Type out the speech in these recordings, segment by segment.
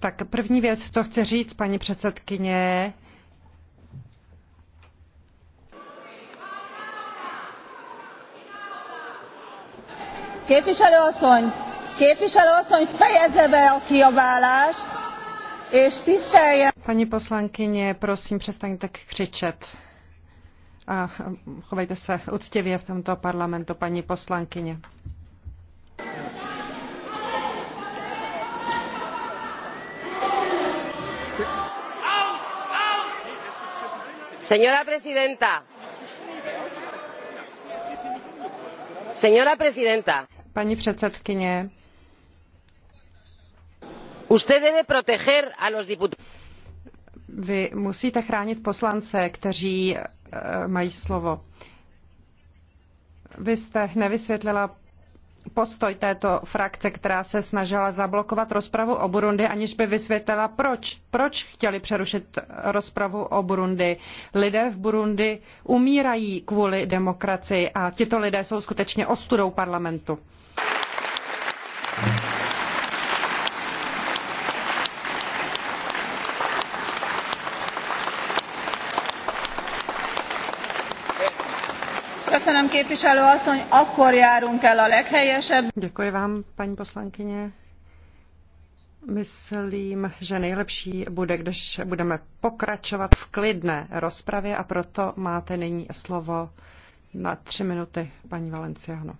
Tak první věc, co chci říct, paní předsedkyně, Képviselő asszony, képviselő asszony fejezze be a kiabálást, és tisztelje... Paní poslankyně, prosím, přestaňte křičet. A chovejte se uctivě v tomto parlamentu, paní poslankyně. señora presidenta señora presidenta předsedkyně usted debe proteger a los diputados musíte chránit poslance eh, slovo. Vy jste postoj této frakce, která se snažila zablokovat rozpravu o Burundi, aniž by vysvětlila, proč. Proč chtěli přerušit rozpravu o Burundi? Lidé v Burundi umírají kvůli demokracii a tito lidé jsou skutečně ostudou parlamentu. Děkuji vám, paní poslankyně. Myslím, že nejlepší bude, když budeme pokračovat v klidné rozpravě a proto máte nyní slovo na tři minuty, paní Valenciano.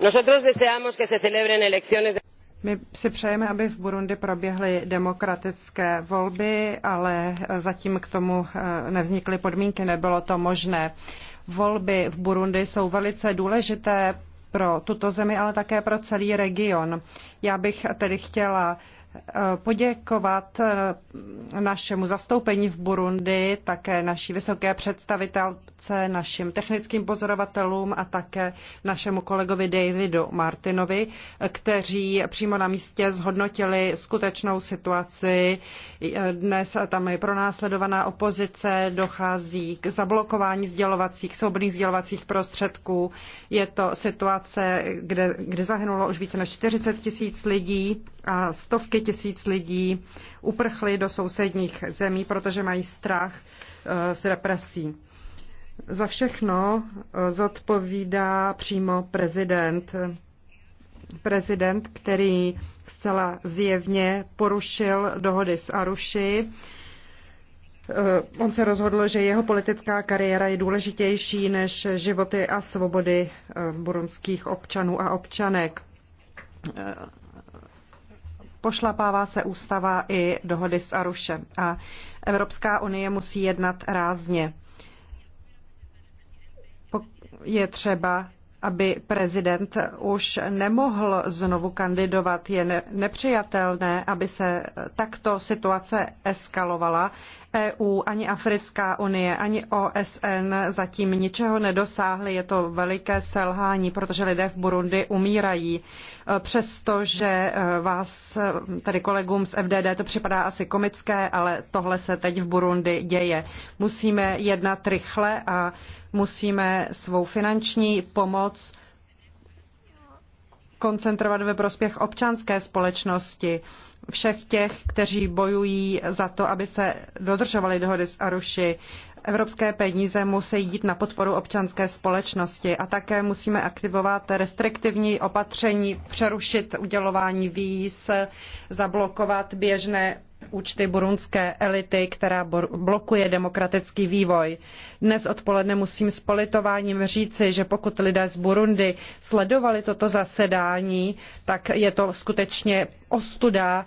Nosotros deseamos que se celebren elecciones. De... My si přejeme, aby v Burundi proběhly demokratické volby, ale zatím k tomu eh, nevznikly podmínky, nebylo to možné. Volby v Burundi jsou velice důležité pro tuto zemi, ale také pro celý region. Já bych tedy chtěla Eh, poděkovat eh, našemu zastoupení v Burundi, také naší vysoké představitelce, našim technickým pozorovatelům a také našemu kolegovi Davidu Martinovi, eh, kteří přímo na místě zhodnotili skutečnou situaci. Dnes tam je pronásledovaná opozice, dochází k zablokování sdělovacích, svobodných sdělovacích prostředků. Je to situace, kde, kde zahynulo už více než 40 tisíc lidí a stovky tisíc lidí uprchli do sousedních zemí, protože mají strach eh, z represí. Za všechno eh, zodpovídá přímo prezident. Prezident, který zcela zjevně porušil dohody s Aruši. Eh, on se rozhodl, že jeho politická kariéra je důležitější než životy a svobody burundských občanů a občanek pošlapává se ústava i dohody s Arušem A Evropská unie musí jednat rázně. Je třeba aby prezident už nemohl znovu kandidovat. Je nepřijatelné, aby se takto situace eskalovala EU, ani Africká unie, ani OSN zatím ničeho nedosáhly. Je to veliké selhání, protože lidé v Burundi umírají. E, přestože e, vás, e, tady kolegům z FDD, to připadá asi komické, ale tohle se teď v Burundi děje. Musíme jednat rychle a musíme svou finanční pomoc koncentrovat ve prospěch občanské společnosti, všech těch, kteří bojují za to, aby se dodržovaly dohody s Aruši. Evropské peníze musí jít na podporu občanské společnosti a také musíme aktivovat restriktivní opatření, přerušit udělování víz, zablokovat běžné účty burundské elity, která blokuje demokratický vývoj. Dnes odpoledne musím s politováním říci, že pokud lidé z Burundi sledovali toto zasedání, tak je to skutečně ostuda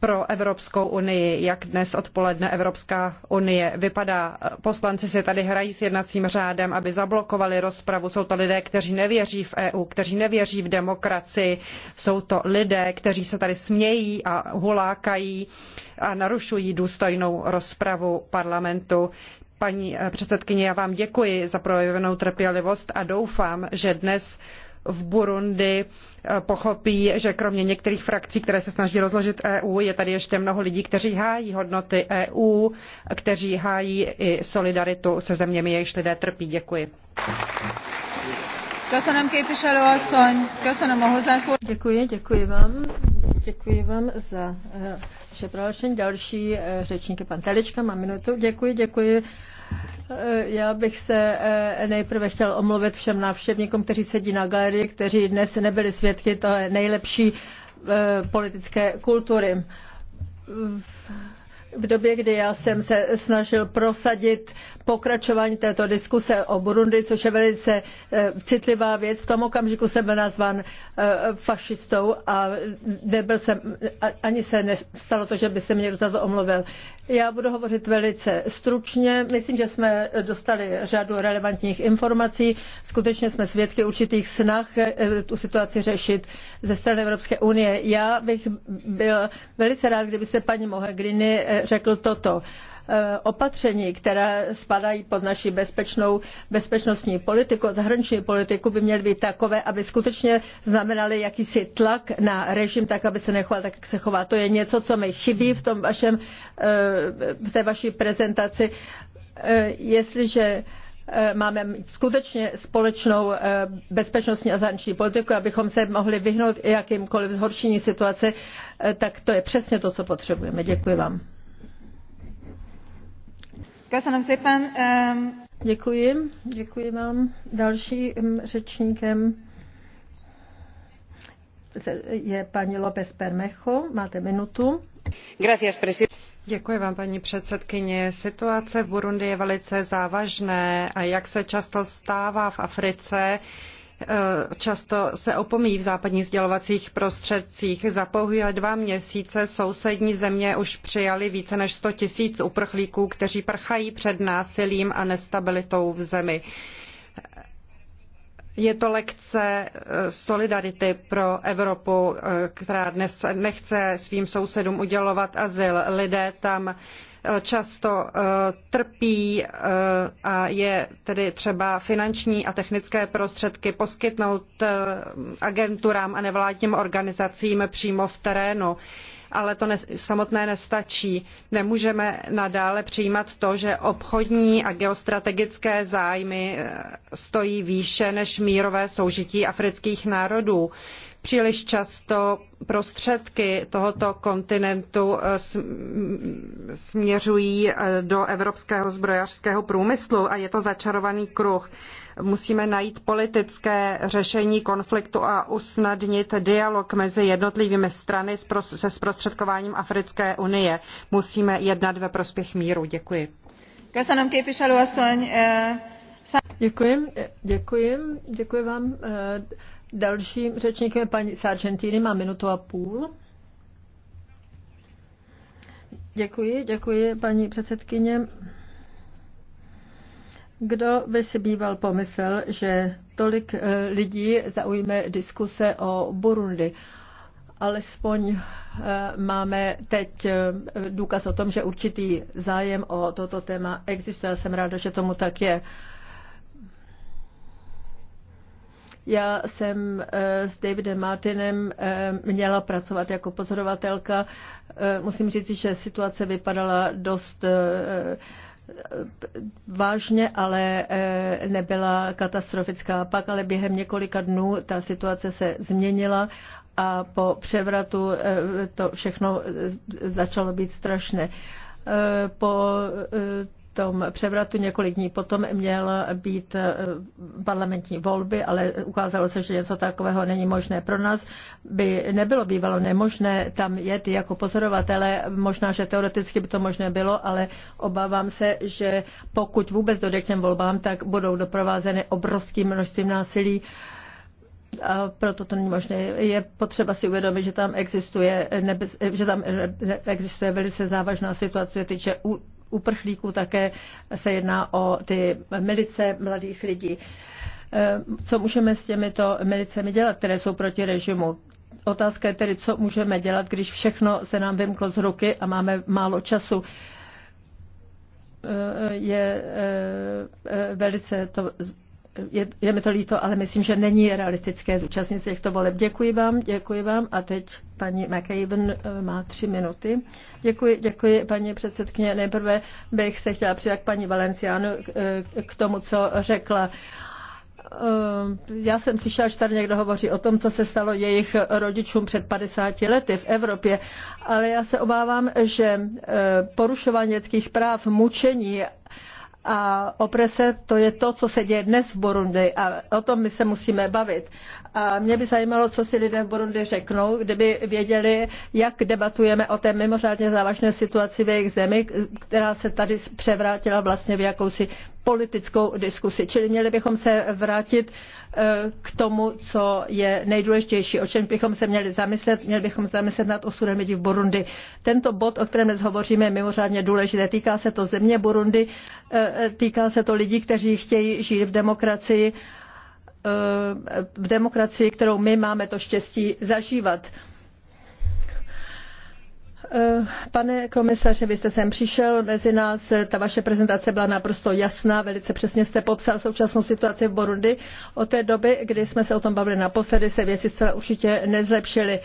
pro Evropskou unii, jak dnes odpoledne Evropská unie vypadá. Poslanci si tady hrají s jednacím řádem, aby zablokovali rozpravu. Jsou to lidé, kteří nevěří v EU, kteří nevěří v demokracii. Jsou to lidé, kteří se tady smějí a hulákají a narušují důstojnou rozpravu parlamentu. Paní předsedkyně, já vám děkuji za projevenou trpělivost a doufám, že dnes v Burundi eh, pochopí, že kromě některých frakcí, které se snaží rozložit EU, je tady ještě mnoho lidí, kteří hájí hodnoty EU, kteří hájí i solidaritu se zeměmi, jejichž lidé trpí. Děkuji. Děkuji, děkuji vám. Děkuji vám za eh, vaše Další eh, řečník je pan Telička, má minutu. Děkuji, děkuji Eh, já bych se eh, nejprve chtěl omluvit všem návštěvníkům, kteří sedí na galerii, kteří dnes nebyli svědky je nejlepší eh, politické kultury. V době, kdy já jsem se snažil prosadit pokračování této diskuse o Burundi, což je velice citlivá věc, v tom okamžiku jsem byl nazvan fašistou a nebyl jsem, ani se nestalo to, že by se mě rozhodl omluvil. Já budu hovořit velice stručně. Myslím, že jsme dostali řadu relevantních informací. Skutečně jsme svědky určitých snah eh, tu situaci řešit ze strany Evropské unie. Já bych byl velice rád, kdyby se paní Mogherini eh, řekl toto. Eh, opatření, která spadají pod naši bezpečnou, bezpečnostní politiku, zahraniční politiku, by měly být takové, aby skutečně znamenaly jakýsi tlak na režim, tak aby se nechoval tak, jak se chová. To je něco, co mi chybí v, tom vašem, eh, v té vaší prezentaci. Eh, jestliže máme skutečně společnou bezpečnostní a zahraniční politiku, abychom se mohli vyhnout jakýmkoliv zhoršení situace, tak to je přesně to, co potřebujeme. Děkuji vám. Děkuji, děkuji vám. Další řečníkem je paní López Permecho. Máte minutu. Gracias, presidente. Děkuji vám, paní předsedkyně. Situace v Burundi je velice závažné a jak se často stává v Africe, Eh, často se opomíjí v západních sdělovacích prostředcích. Za pouhé dva měsíce sousední země už přijali více než 100 tisíc uprchlíků, kteří prchají před násilím a nestabilitou v zemi. Je to lekce eh, solidarity pro Evropu, eh, která dnes nechce svým sousedům udělovat azyl. Lidé tam často eh, trpí eh, a je tedy třeba finanční a technické prostředky poskytnout eh, agenturám a nevládním organizacím přímo v terénu ale to samotné nestačí. Nemůžeme nadále přijímat to, že obchodní a geostrategické zájmy stojí výše než mírové soužití afrických národů. Příliš často prostředky tohoto kontinentu eh, směřují eh, do evropského zbrojařského průmyslu a je to začarovaný kruh. Musíme najít politické řešení konfliktu a usnadnit dialog mezi jednotlivými strany se zprostředkováním Africké unie. Musíme jednat ve prospěch míru. Děkuji. Eh, děkuji, děkuji, děkuji vám. Dalším řečníkem je paní Sargentini, má minutu a půl. Děkuji, děkuji, paní předsedkyně. Kdo by si býval pomysl, že tolik eh, lidí zaujme diskuse o Burundi? Alespoň eh, máme teď eh, důkaz o tom, že určitý zájem o toto téma existuje. Jsem ráda, že tomu tak je. Já jsem eh, s Davidem Martinem eh, měla pracovat jako pozorovatelka. Eh, musím říct, že situace vypadala dost vážně, ale nebyla katastrofická. Pak ale během několika dnů ta situace se změnila a po převratu to všechno začalo být strašné. Po tom převratu několik dní potom měl být eh, parlamentní volby, ale ukázalo se, že něco takového není možné pro nás. By nebylo bývalo nemožné tam jet jako pozorovatele, možná, že teoreticky by to možné bylo, ale obávám se, že pokud vůbec dojde k těm volbám, tak budou doprovázeny obrovským množstvím násilí a proto to není možné. Je potřeba si uvědomit, že tam existuje, nebez, že tam existuje velice závažná situace, týče uprchlíků, také se jedná o ty milice mladých lidí. Eh, co můžeme s těmito milicemi dělat, které jsou proti režimu? Otázka je tedy, co můžeme dělat, když všechno se nám vymklo z ruky a máme málo času eh, je eh, velice to je, je mi to líto, ale myslím, že není realistické zúčastnit se těchto voleb. Děkuji vám, děkuji vám a teď paní McAven eh, má tři minuty. Děkuji, děkuji paní předsedkyně. Nejprve bych se chtěla přidat k paní Valenciánu eh, k tomu, co řekla eh, já jsem slyšela, že tady někdo hovoří o tom, co se stalo jejich rodičům před 50 lety v Evropě, ale já se obávám, že porušování lidských práv, mučení a oprese, to je to, co se děje dnes v Burundi a o tom my se musíme bavit. A mě by zajímalo, co si lidé v Burundi řeknou, kdyby věděli, jak debatujeme o té mimořádně závažné situaci v jejich zemi, která se tady převrátila vlastně v jakousi politickou diskusi. Čili měli bychom se vrátit eh, k tomu, co je nejdůležitější, o čem bychom se měli zamyslet. Měli bychom zamyslet nad osudem lidí v Burundi. Tento bod, o kterém dnes hovoříme, je mimořádně důležité. Týká se to země Burundi, eh, týká se to lidí, kteří chtějí žít v demokracii, eh, v demokracii, kterou my máme to štěstí zažívat. Eh, pane komisaři, vy jste sem přišel mezi nás, ta vaše prezentace byla naprosto jasná, velice přesně jste popsal současnou situaci v Burundi. Od té doby, kdy jsme se o tom bavili naposledy, se věci zcela určitě nezlepšily.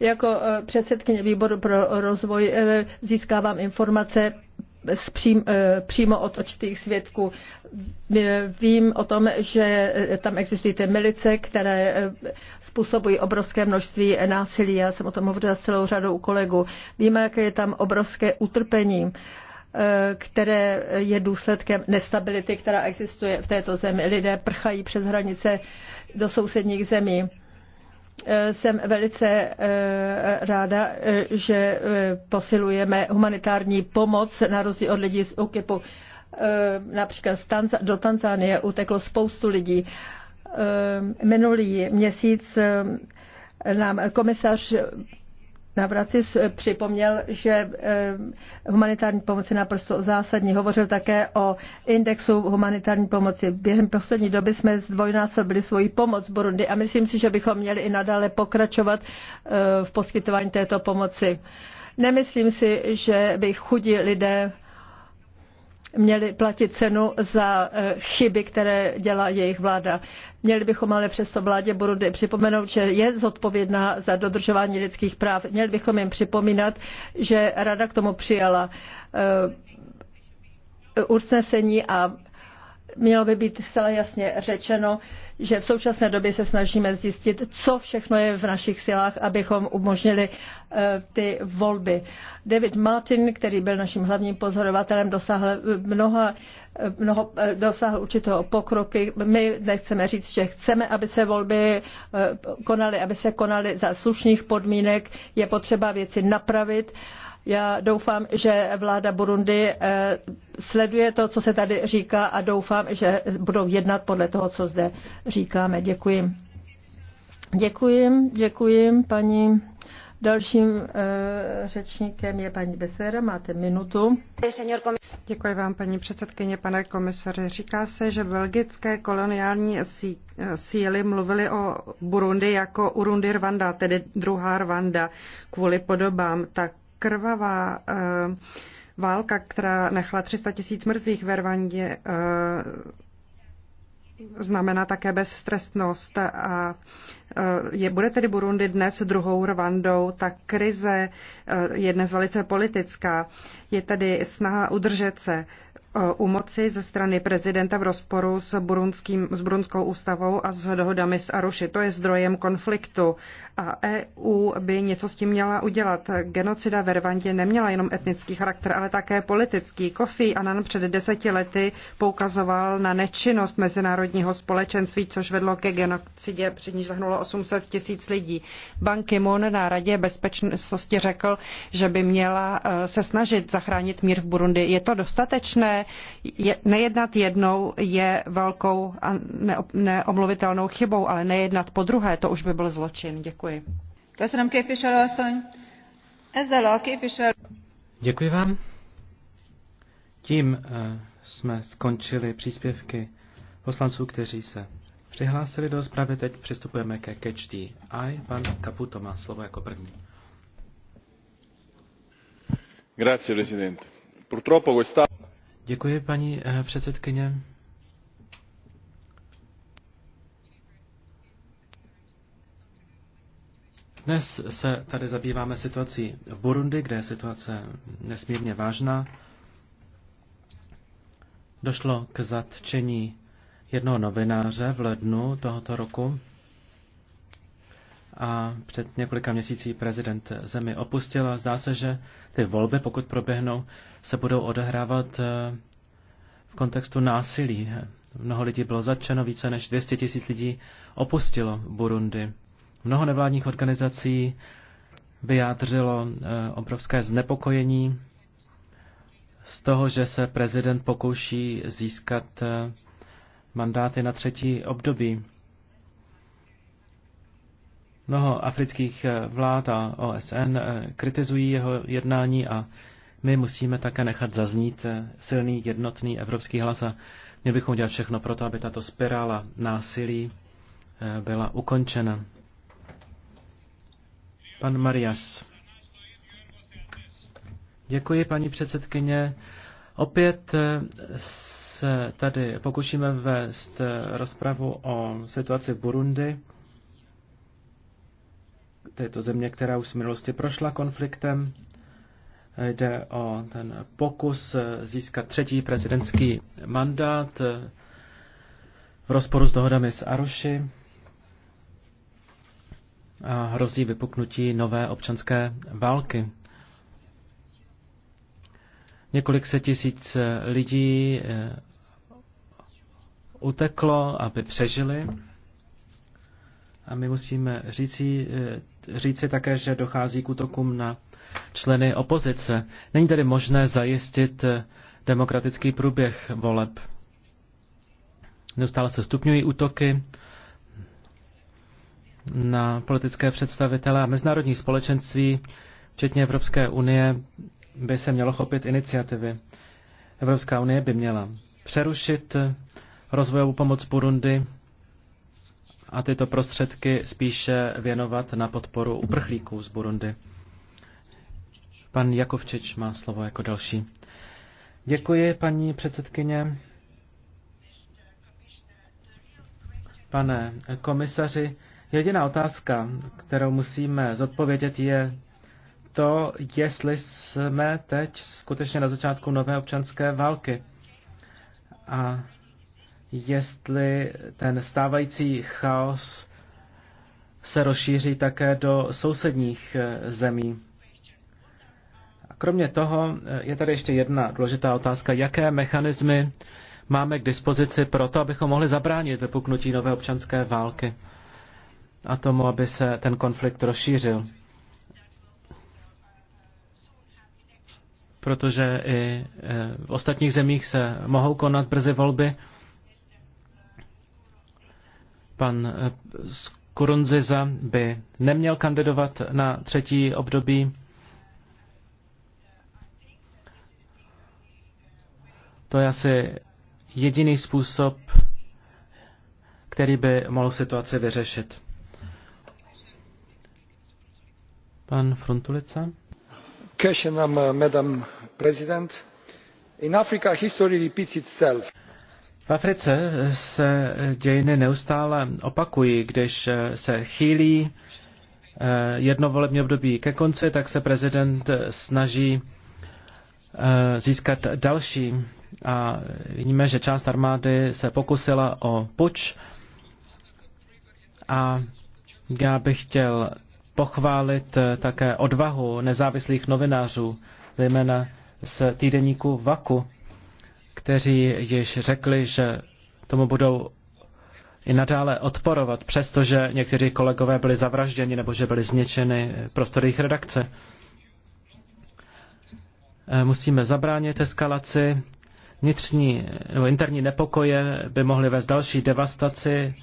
Jako eh, předsedkyně výboru pro rozvoj eh, získávám informace přím, eh, přímo od očitých svědků. Eh, vím o tom, že eh, tam existují ty milice, které způsobují obrovské množství násilí. Já jsem o tom hovořila s celou řadou kolegů. Víme, jaké je tam obrovské utrpení které je důsledkem nestability, která existuje v této zemi. Lidé prchají přes hranice do sousedních zemí Eh, jsem velice eh, ráda, eh, že posilujeme humanitární pomoc na rozdíl od lidí z UKIPu. Například do Tanzánie uteklo spoustu lidí. Minulý měsíc nám komisař Navracis připomněl, že eh, humanitární pomoc je naprosto zásadní. Hovořil také o indexu humanitární pomoci. Během poslední doby jsme zdvojnásobili svoji pomoc Burundi a myslím si, že bychom měli i nadále pokračovat eh, v poskytování této pomoci. Nemyslím si, že by chudí lidé měli platit cenu za e, chyby, které dělá jejich vláda. Měli bychom ale přesto vládě Burundi připomenout, že je zodpovědná za dodržování lidských práv. Měli bychom jim připomínat, že rada k tomu přijala e, usnesení a mělo by být zcela jasně řečeno, že v současné době se snažíme zjistit, co všechno je v našich silách, abychom umožnili eh, ty volby. David Martin, který byl naším hlavním pozorovatelem, dosáhl eh, mnoha eh, mnoho, dosáhl určitého pokroky. My nechceme říct, že chceme, aby se volby konaly, aby se konaly za slušných podmínek. Je potřeba věci napravit. Já doufám, že vláda Burundi eh, sleduje to, co se tady říká a doufám, že budou jednat podle toho, co zde říkáme. Děkuji. Děkuji, děkuji paní. Dalším eh, řečníkem je paní Besera, máte minutu. Děkuji vám, paní předsedkyně, pane komisaři. Říká se, že belgické koloniální síly mluvily o Burundi jako Urundi Rwanda, tedy druhá Rwanda, kvůli podobám. Tak krvavá eh, válka, která nechala 300 tisíc mrtvých ve Rwandě, eh, znamená také bezstresnost. a eh, je, bude tedy Burundi dnes druhou Rwandou, ta krize je dnes velice politická. Je tedy snaha udržet se. Eh, u moci ze strany prezidenta v rozporu s, burunským, s Brunskou ústavou a s dohodami s Aruši. To je zdrojem konfliktu. A EU by něco s tím měla udělat. Genocida ve Rwandě neměla jenom etnický charakter, ale také politický. Kofi Annan před deseti lety poukazoval na nečinnost mezinárodního společenství, což vedlo ke genocidě, před níž zahnulo 800 tisíc lidí. Ban Ki-moon na Radě bezpečnosti řekl, že by měla eh, se snažit zachránit mír v Burundi. Je to dostatečné? je, nejednat jednou je velkou a ne, neomluvitelnou chybou, ale nejednat po druhé, to už by byl zločin. Děkuji. Děkuji vám. Tím eh, jsme skončili příspěvky poslanců, kteří se přihlásili do zprávy. Teď přistupujeme ke kečtí. the Pan Kaputo má slovo jako první. Grazie, Presidente. Purtroppo questa Děkuji, paní eh, předsedkyně. Dnes se tady zabýváme situací v Burundi, kde je situace nesmírně vážná. Došlo k zatčení jednoho novináře v lednu tohoto roku a před několika měsící prezident zemi opustil a zdá se, že ty volby, pokud proběhnou, se budou odehrávat eh, v kontextu násilí. Mnoho lidí bylo zatčeno, více než 200 tisíc lidí opustilo Burundi. Mnoho nevládních organizací vyjádřilo eh, obrovské znepokojení z toho, že se prezident pokouší získat eh, mandáty na třetí období. Mnoho afrických eh, vlád a OSN eh, kritizují jeho jednání a my musíme také nechat zaznít eh, silný jednotný evropský hlas a měli bychom dělat všechno pro to, aby tato spirála násilí byla ukončena. Pan Marias. Děkuji, paní předsedkyně. Opět se tady pokušíme vést rozpravu o situaci v Burundi této země, která už v minulosti prošla konfliktem. Jde o ten pokus získat třetí prezidentský mandát v rozporu s dohodami s Aruši a hrozí vypuknutí nové občanské války. Několik set tisíc lidí eh, uteklo, aby přežili. A my musíme říci, eh, říci také, že dochází k útokům na členy opozice. Není tedy možné zajistit eh, demokratický průběh voleb. Neustále se stupňují útoky na politické představitele a mezinárodní společenství, včetně Evropské unie, by se mělo chopit iniciativy. Evropská unie by měla přerušit rozvojovou pomoc Burundi a tyto prostředky spíše věnovat na podporu uprchlíků z Burundi. Pan Jakovčič má slovo jako další. Děkuji, paní předsedkyně. Pane komisaři, jediná otázka, kterou musíme zodpovědět, je to, jestli jsme teď skutečně na začátku nové občanské války. A jestli ten stávající chaos se rozšíří také do sousedních eh, zemí. Kromě toho eh, je tady ještě jedna důležitá otázka. Jaké mechanismy máme k dispozici pro to, abychom mohli zabránit vypuknutí nové občanské války a tomu, aby se ten konflikt rozšířil? Protože i eh, v ostatních zemích se mohou konat brzy volby Pan eh, Kurunziza by neměl kandidovat na třetí období. To je asi jediný způsob, který by mohl situaci vyřešit. Pan Frontulica. Keshe madam president. In Africa history repeats itself. V Africe se dějiny neustále opakují. Když se chýlí eh, jedno volební období ke konci, tak se prezident snaží eh, získat další. A vidíme, že část armády se pokusila o puč. A já bych chtěl pochválit eh, také odvahu nezávislých novinářů, zejména z týdeníku Vaku, kteří již řekli, že tomu budou i nadále odporovat, přestože někteří kolegové byli zavražděni nebo že byly zničeny prostory jejich redakce. Eh, musíme zabránit eskalaci. Vnitřní nebo interní nepokoje by mohly vést další devastaci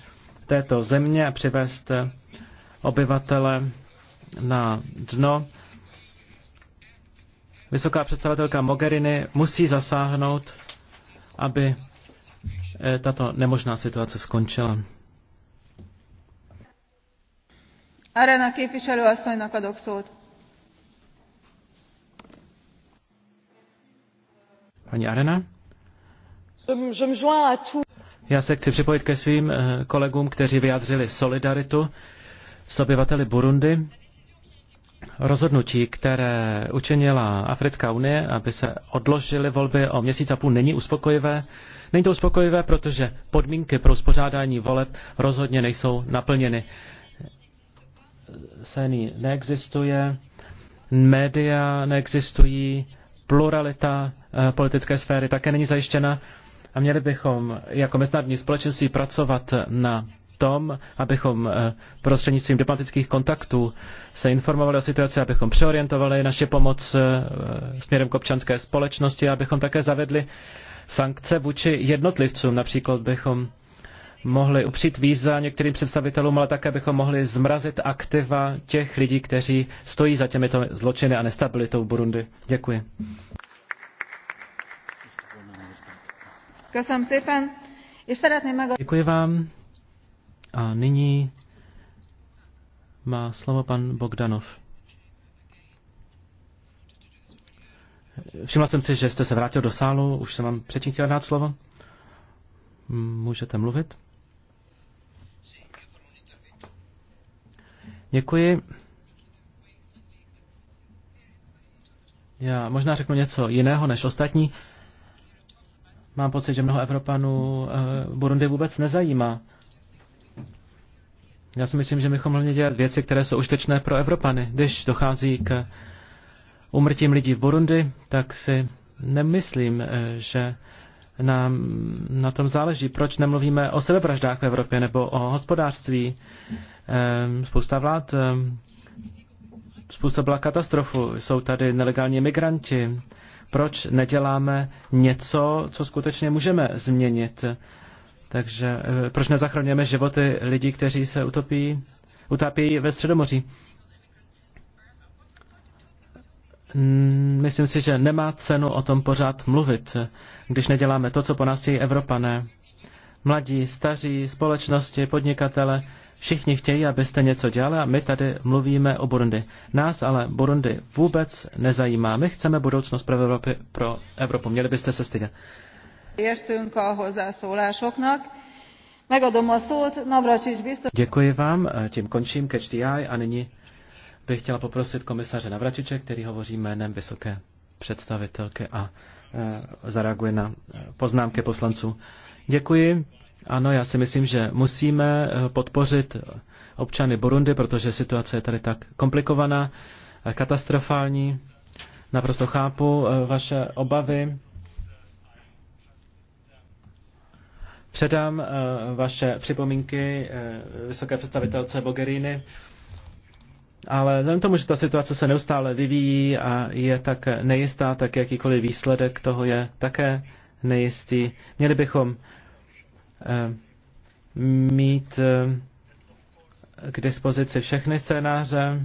této země a přivést obyvatele na dno. Vysoká představitelka Mogherini musí zasáhnout aby eh, tato nemožná situace skončila. Arena képviselő asszonynak adok szót. Paní Arena? Já se chci připojit ke svým eh, kolegům, kteří vyjádřili solidaritu s obyvateli Burundi rozhodnutí, které učinila Africká unie, aby se odložily volby o měsíc a půl, není uspokojivé. Není to uspokojivé, protože podmínky pro uspořádání voleb rozhodně nejsou naplněny. Sény neexistuje, média neexistují, pluralita eh, politické sféry také není zajištěna a měli bychom jako mezinárodní společenství pracovat na tom, abychom eh, prostřednictvím diplomatických kontaktů se informovali o situaci, abychom přeorientovali naše pomoc eh, směrem k občanské společnosti, abychom také zavedli sankce vůči jednotlivcům. Například bychom mohli upřít víza některým představitelům, ale také bychom mohli zmrazit aktiva těch lidí, kteří stojí za těmito zločiny a nestabilitou v Burundi. Děkuji. Děkuji vám. A nyní má slovo pan Bogdanov. Všimla jsem si, že jste se vrátil do sálu, už jsem vám předtím chtěl dát slovo. Můžete mluvit. Děkuji. Já možná řeknu něco jiného než ostatní. Mám pocit, že mnoho Evropanů eh, Burundi vůbec nezajímá. Já si myslím, že bychom hlavně dělat věci, které jsou užitečné pro Evropany. Když dochází k umrtím lidí v Burundi, tak si nemyslím, eh, že nám na tom záleží. Proč nemluvíme o sebevraždách v Evropě nebo o hospodářství? Eh, spousta vlád způsobila eh, katastrofu. Jsou tady nelegální migranti. Proč neděláme něco, co skutečně můžeme změnit? Takže eh, proč nezachraňujeme životy lidí, kteří se utopí, utápí ve Středomoří? Myslím si, že nemá cenu o tom pořád mluvit, když neděláme to, co po nás chtějí Evropané. Mladí, staří, společnosti, podnikatele, všichni chtějí, abyste něco dělali a my tady mluvíme o Burundi. Nás ale Burundi vůbec nezajímá. My chceme budoucnost pro, Evropy, pro Evropu. Měli byste se stydět. Děkuji vám, tím končím Catch the Eye a nyní bych chtěla poprosit komisaře Navračiče, který hovoří jménem vysoké představitelky a e, zareaguje na e, poznámky poslanců. Děkuji. Ano, já si myslím, že musíme e, podpořit občany Burundi, protože situace je tady tak komplikovaná, katastrofální. Naprosto chápu vaše obavy. Předám eh, vaše připomínky eh, vysoké představitelce Bogerini, ale vzhledem tomu, že ta situace se neustále vyvíjí a je tak nejistá, tak jakýkoliv výsledek toho je také nejistý, měli bychom eh, mít k dispozici všechny scénáře.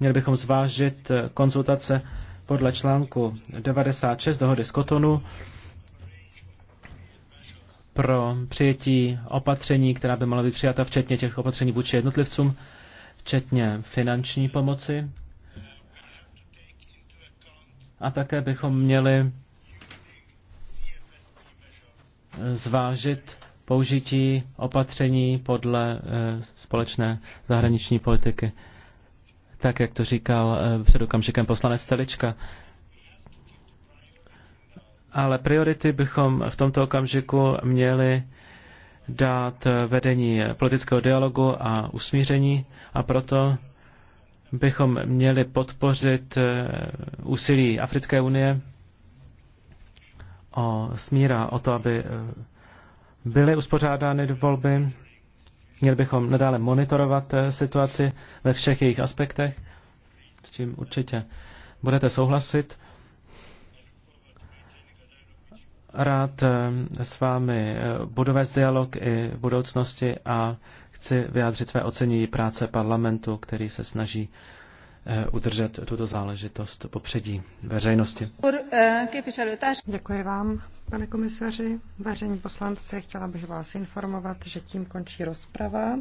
Měli bychom zvážit konzultace podle článku 96 dohody z Kotonu pro přijetí opatření, která by mohla být přijata, včetně těch opatření vůči jednotlivcům, včetně finanční pomoci. A také bychom měli zvážit použití opatření podle eh, společné zahraniční politiky tak jak to říkal eh, před okamžikem poslanec Telička. Ale priority bychom v tomto okamžiku měli dát eh, vedení politického dialogu a usmíření a proto bychom měli podpořit eh, úsilí Africké unie o smíra, o to, aby byly uspořádány volby Měli bychom nadále monitorovat eh, situaci ve všech jejich aspektech, s čím určitě budete souhlasit. Rád eh, s vámi eh, budu vést dialog i v budoucnosti a chci vyjádřit své ocenění práce parlamentu, který se snaží Eh, udržet tuto záležitost popředí veřejnosti. Děkuji vám, pane komisaři. Vážení poslanci, chtěla bych vás informovat, že tím končí rozprava.